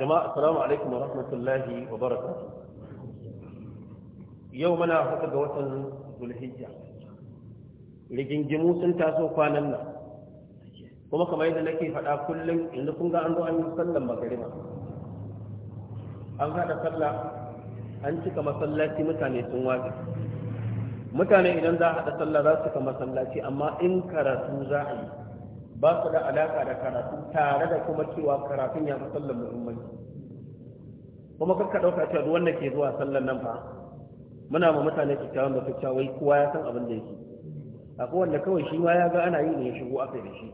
jama'a assalamu alaikum wa rahmatullahi wa barakatuh yau muna haka ga watan zulhijja rigingimu sun taso kwanan nan kuma kamar yadda nake faɗa kullum inda kun ga an zo an yi sallan magariba an haɗa sallah an cika masallaci mutane sun wace mutane idan za a haɗa sallah za su cika masallaci amma in karatu za a yi ba su da alaka da karatu tare da kuma cewa karatun ya fi sallar muhimmanci kuma kakka ɗauka cewa duk wanda ke zuwa sallar nan fa muna ma mutane kyakkyawan da wai kowa ya san abin da yake akwai wanda kawai shi ma ya ga ana yi ne ya shigo aka da shi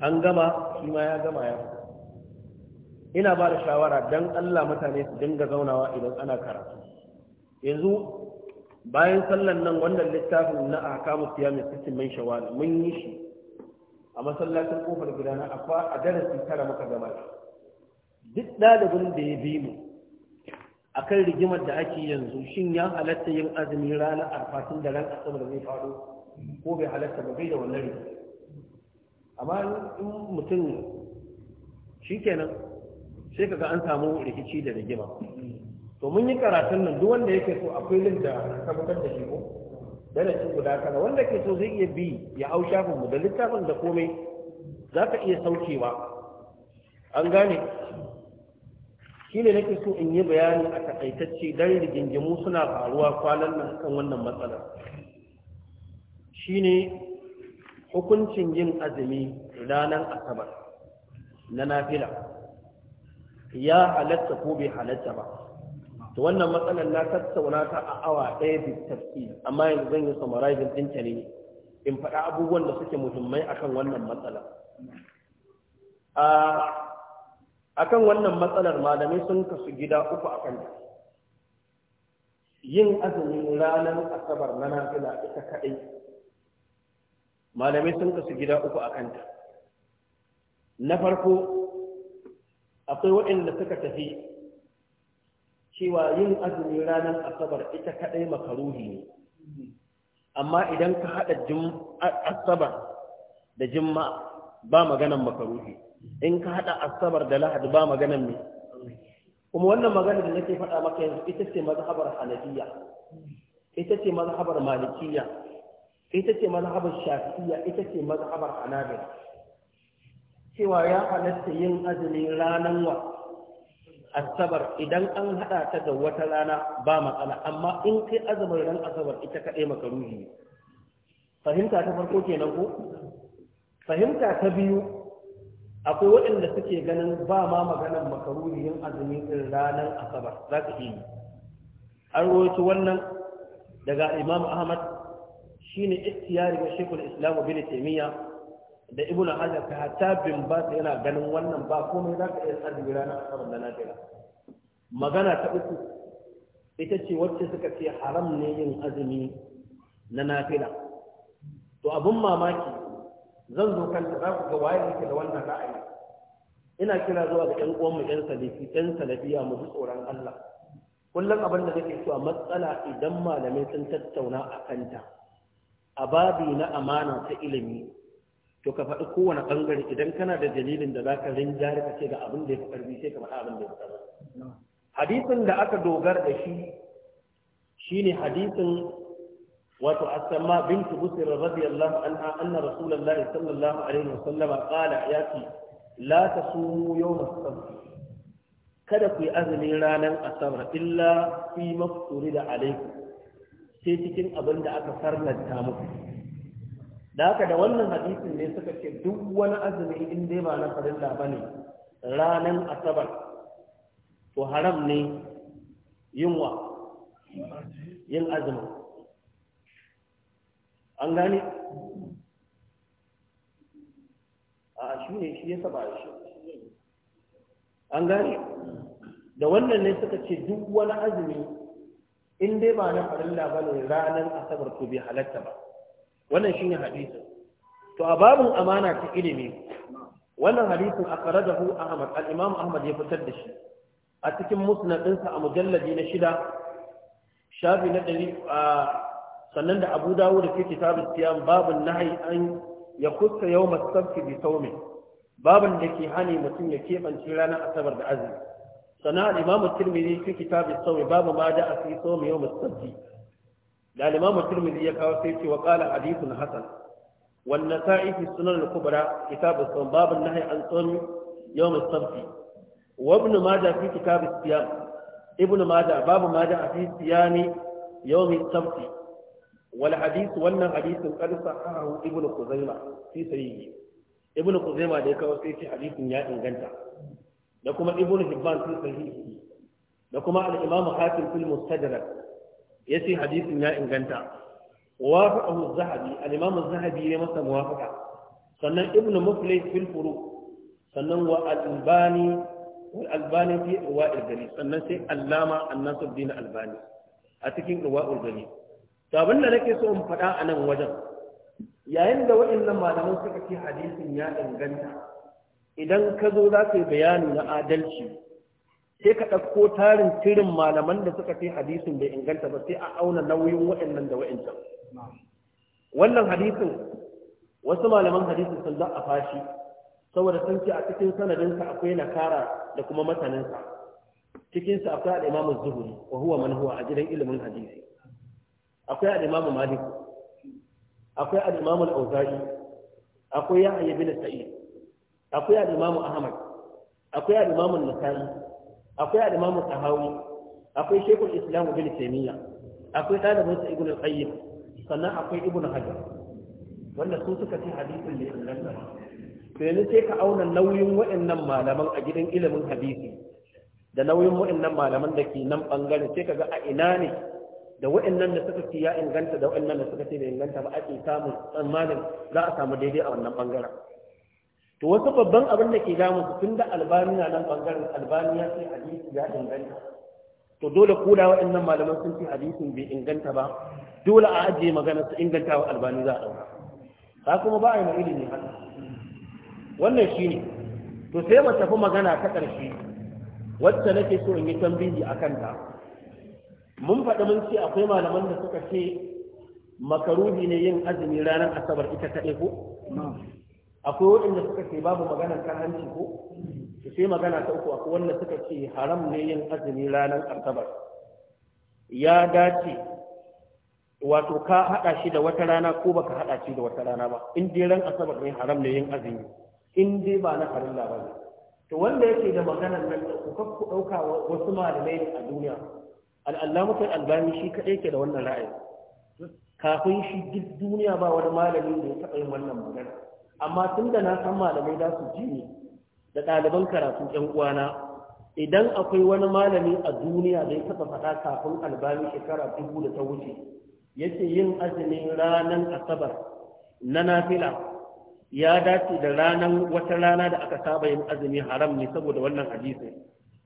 an gama shi ma ya gama ya ina ba da shawara dan allah mutane su dinga zaunawa idan ana karatu yanzu bayan sallan nan wannan littafin na akamu siyamin sittin man shawwal mun yi shi a masallacin kofar gidana a darasi tara muka gama duk ɗalibin da ya bi mu a kan rigimar da ake yanzu shin ya halatta yin azumi ranar arfatin da ran asabar zai faɗo ko bai halatta ba bai da wannan rigimar amma in mutum shi kenan sai kaga an samu rikici da rigima to mun yi karatun nan duk wanda yake so akwai lin da tabbatar da shi ko darasin guda kaza wanda ke so zai iya bi ya hau shafin mu da littafin da komai za ka iya saukewa an gane shi ne nake so in yi bayani a takaitacce don rigingimu suna faruwa kwanan nan kan wannan matsalar shi ne hukuncin yin azumi ranar asabar na nafila ya halatta ko bai halatta ba to wannan matsalar na tattauna ta a awa ɗaya bi tafsir amma yanzu zan yi din ta ne in faɗa abubuwan da suke muhimmai akan wannan matsalar akan wannan matsalar malamai sun kasu gida uku akan ta yin azumin ranar asabar na nafila ita kaɗai malamai sun kasu gida uku akan ta na farko akwai waɗanda suka tafi cewa yin azumi ranar asabar ita kaɗai makaruhi ne amma idan ka haɗa asabar da jimma ba maganan makaruhi in ka haɗa asabar da lahadi ba maganan ne. kuma wannan magana da nake faɗa maka yanzu ita ce mazhabar hanafiya ita ce mazhabar malikiya ita ce mazhabar shafiya ita ce mazhabar hanabila cewa ya halatta yin azumi ranar wa asabar idan an hada ta da wata rana ba matsala amma in kai azumin ran asabar ita maka ruhi fahimta ta farko kenan ko fahimta ta biyu akwai waɗanda suke ganin ba ma maganar makaruhiyin azumi din ranar asabar za ka iya an rawaito wannan daga imam ahmad shine ittiyari ga shekul islam bin taymiya da ibn hajar ka hatta bin ba ta yana ganin wannan ba komai za ka iya azumi ranar asabar da nafila magana ta uku ita ce wacce suka ce haram ne yin azumi na nafila to abun mamaki zan zo kanta za ku ga waye yake da wannan ra'ayi ina kira zuwa ga ƴan uwanmu ƴan salafi ƴan salafiya mu ji tsoron Allah kullum abin da nake cewa matsala idan malamai sun tattauna a kanta a babi na amana ta ilimi to ka faɗi kowane ɓangare idan kana da dalilin da za ka rinjari ka ce ga abin da ya fi ƙarfi sai ka faɗa abin da ya fi ƙarfi hadisin da aka dogara da shi shi ne hadisin wato asama bin bintu busir radiyallahu anha anna rasulullahi sallallahu alaihi wasallama qala ya ce la tasumu yawm as kada ku yi azumin ranar asabar illa fi da alaikum sai cikin abin da aka farlanta muku da haka da wannan hadisin ne suka ce duk wani azumi in dai ba na farilla ba ne ranar asabar to haram ne yin wa yin azumi an gane a shi ne shi ya saba shi an gane da wannan ne suka ce duk wani azumi in dai ba na farilla ba ne ranar asabar to bai halatta ba wannan shine hadisin to a babun amana ta ilimi wannan hadisin akhrajahu Ahmad al-Imam Ahmad ya fitar da shi a cikin musnadinsa a mujalladi na shida shafi na ɗari sannan da Abu Dawud fi kitabus siyam babun nahyi an yakussa yawm as-sabt bi sawmin babun da ke hani mutum ya kebance ranar asabar da azumi sannan al-Imam Tirmidhi fi kitabus sawm babu ma da a fi sawm yawm as-sabt da al-imam tirmidhi ya kawo sai ce wa qala hadithun hasan wal nasa'i fi sunan al-kubra kitab as-sawm bab an-nahy an sawm yawm as-sabt wa ibn majah fi kitab as-siyam ibn majah babu majah fi siyam yawm as-sabt wal hadith wannan hadithin qad sahahu ibn khuzaimah fi sahihi ibn kuzaima da ya kawo sai ce hadisin da kuma ibn hibban da kuma al-imam hakim fil yace hadisin ya inganta wafaqahu az-zahabi al-imam az-zahabi ya masa muwafaqa sannan ibn muflih fil furu sannan wa al-albani wal albani fi irwa'il gani sannan sai allama an-nasruddin albani a cikin irwa'ul gani to abin da nake so in faɗa a nan wajen yayin da waɗannan malaman suka ce hadisin ya inganta idan ka zo za ka yi bayani na adalci sai ka ɗauko tarin tirin malaman da suka fi hadisin bai inganta ba sai a auna nauyin waɗannan da waɗancan wannan hadisin wasu malaman hadisin sun za a fashi saboda sun ce a cikin sanadinsa akwai nakara da kuma cikin sa akwai al'imam zuhuri wa huwa man huwa a gidan ilimin hadisi akwai al'imam malik akwai al'imam al'auza'i akwai yahya bin sa'id akwai al'imam ahmad akwai al'imam nasa'i akwai Alimamu imamu tahawi akwai shaykhul islam ibn taymiya akwai talibin sa ibn al-qayyim sannan akwai ibn hajar wanda su suka ce hadisin da ibn hajar to yanzu sai ka auna nauyin waɗannan malaman a gidan ilimin hadisi da nauyin waɗannan malaman da ke nan bangaren sai ka ga a ina ne da waɗannan da suka ce ya inganta da waɗannan da suka ce bai inganta ba ake samun tsammanin za a samu daidai a wannan bangaren to wasu babban abin da ke damu su tun da albaniya nan bangaren albaniya sai hadisi ya inganta to dole koda waɗannan malaman sun ce hadisin bai inganta ba dole a ajiye magana su inganta wa albani za a ɗauka ka kuma ba a yi ma'ili ne haka wannan shi ne to sai mu tafi magana ta ƙarshe wacce nake so in yi tambayi a kanta mun faɗi mun ce akwai malaman da suka ce makaruhi ne yin azumi ranar asabar ita kaɗai ko akwai waɗanda suka ce babu magana kan hanci ko su sai magana ta uku akwai wanda suka ce haram ne yin azumi ranar asabar ya dace wato ka haɗa shi da wata rana ko baka haɗa shi da wata rana ba in dai ran asabar ne haram ne yin azumi in dai ba na farilla ba to wanda yake da maganar nan ku ku ɗauka wasu malamai a duniya al'allamukan albani shi kaɗai ke da wannan ra'ayi kafin shi duk duniya ba wani malami da ya taɓa yin wannan magana amma tun da na san malamai za su ji ni da ɗaliban karatu ƴan uwana idan akwai wani malami a duniya da ya taɓa faɗa kafin albani shekara dubu da ta wuce yake yin azumin ranar asabar na nafila ya dace da ranar wata rana da aka saba yin azumi haram ne saboda wannan hadisi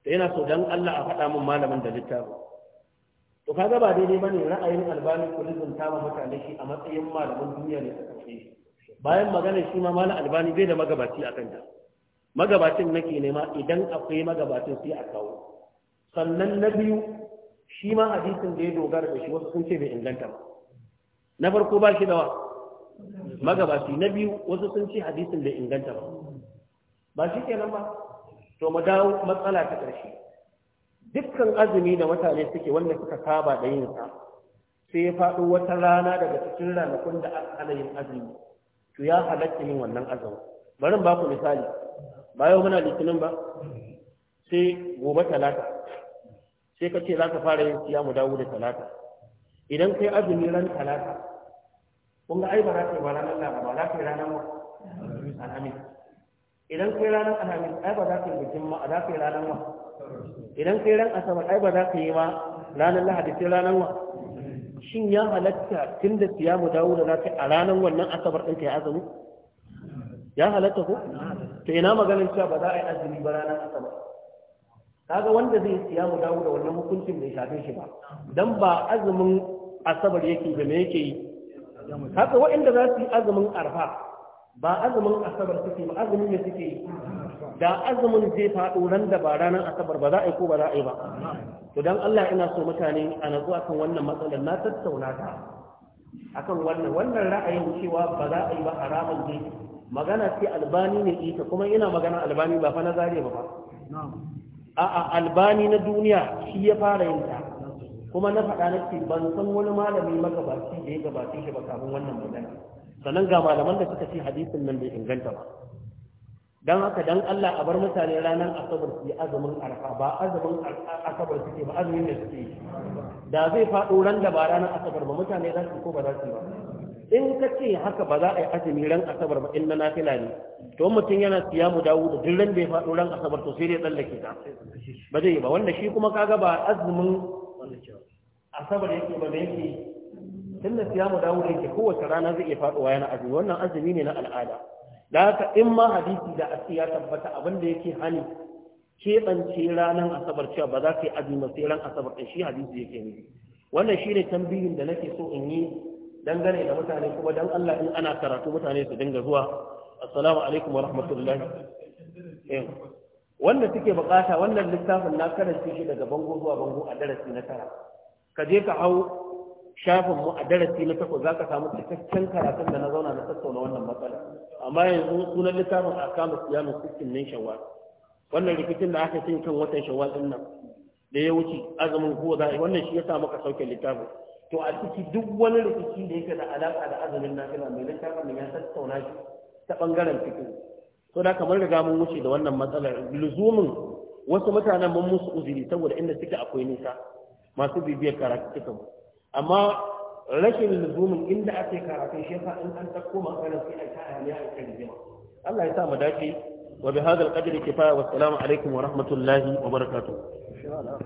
da yana so dan Allah a faɗa min malamin da littafi to kaga ba daidai bane ra'ayin albani ku ta ma mutane shi a matsayin malamin duniya ne suka shi bayan magana shi ma malam albani bai da magabaci a kanta magabacin nake nema idan akwai magabacin sai a kawo sannan na biyu shi ma hadisin da ya dogara da shi wasu sun ce bai inganta ba na farko ba shi da wa magabaci na biyu wasu sun ce hadisin bai inganta ba ba shi kenan ba to mu dawo matsala ta ƙarshe dukkan azumi da mutane suke wanda suka saba da yin sa sai ya faɗo wata rana daga cikin ranakun da aka hana yin azumi to ya halatta min wannan azaba bari ba ku misali ba yau muna litinin ba sai gobe talata sai ka ce za ka fara yin siya mu dawo da talata idan kai azumi ran talata kun ga ai ba za ka yi ba ranar laraba za ka yi ranar alhamis idan kai ranar alhamis ai ba za ka yi bikin ma za ka yi ranar ma idan kai ran asabar ai ba za ka yi ma ranar lahadi sai ranar wa shin ya halatta tun da siya mu dawo da zafi a ranar wannan asabar ɗin ka ya azumi ya halatta ko to ina maganin cewa ba za a yi azumi ba ranar asabar kaga wanda zai siya mu dawo da wannan hukuncin bai shafe shi ba dan ba azumin asabar yake da me yake yi haka waɗanda za su yi azumin arfa ba azumin asabar suke ba azumin ne suke yi da azumin zai faɗo ran da ba ranar asabar ba za a yi ko ba za a yi ba to dan Allah ina so mutane a nazo akan wannan matsalar na tattauna ta akan wannan wannan ra'ayin cewa ba za a yi ba haramun ne magana ce albani ne ita kuma ina magana albani ba fa na zare ba a'a albani na duniya shi ya fara yin ta kuma na faɗa na ce ban san wani malami magabaci da ya gabace shi ba kafin wannan magana sannan ga malaman da suka ce hadisin nan bai inganta ba don haka don Allah a bar mutane ranar asabar su yi azumin arfa ba azumin asabar suke ba azumin da suke yi da zai faɗo ran da ba ranar asabar ba mutane za su ko ba za su ba in ka ce haka ba za a yi azumi ran asabar ba in na nafila ne to mutum yana siya mu dawo da duk ran da ya faɗo ran asabar to sai dai tsallake ta ba zai yi ba wanda shi kuma kaga ba azumin asabar yake ba da yake tun da siya mu dawo da yake kowace rana zai iya faɗowa yana azumi wannan azumi ne na al'ada da haka in ma hadisi da a ya tabbata abin da yake hani keɓance ranar asabar cewa ba za ka yi azumi sai ran asabar ɗin shi hadisi yake ne wannan shi can biyun da nake so in yi dangane da mutane kuma dan Allah in ana karatu mutane su dinga zuwa assalamu alaikum wa rahmatullahi eh, wanda suke bukata wannan littafin na karanta shi daga bango zuwa bango a darasi na tara ka je ka hau shafin mu a darasi na takwas za ka samu cikakken karatun da na zauna na tattauna wannan matsala amma yanzu sunan littafin a kama siyamin sittin nan shawar. wannan rikicin da aka cin kan watan shawwal din nan da ya wuce azumin ko za wannan shi ya sa maka sauke littafin to a ciki duk wani rikici da yake da alaka da azumin na nafila mai littafin ya tattauna shi ta bangaren fikin to da kamar riga mun wuce da wannan matsalar luzumin wasu mutanen mun musu uzuri saboda inda suke akwai nisa masu bibiyar karatu suka mu amma rashin lizumin inda ake karatun shi yasa in an ɗauko magana sai a kaya ne a kan jima Allah ya sa mu dace wa bi hadal qadri kifaya wa assalamu alaikum wa rahmatullahi wa barakatuh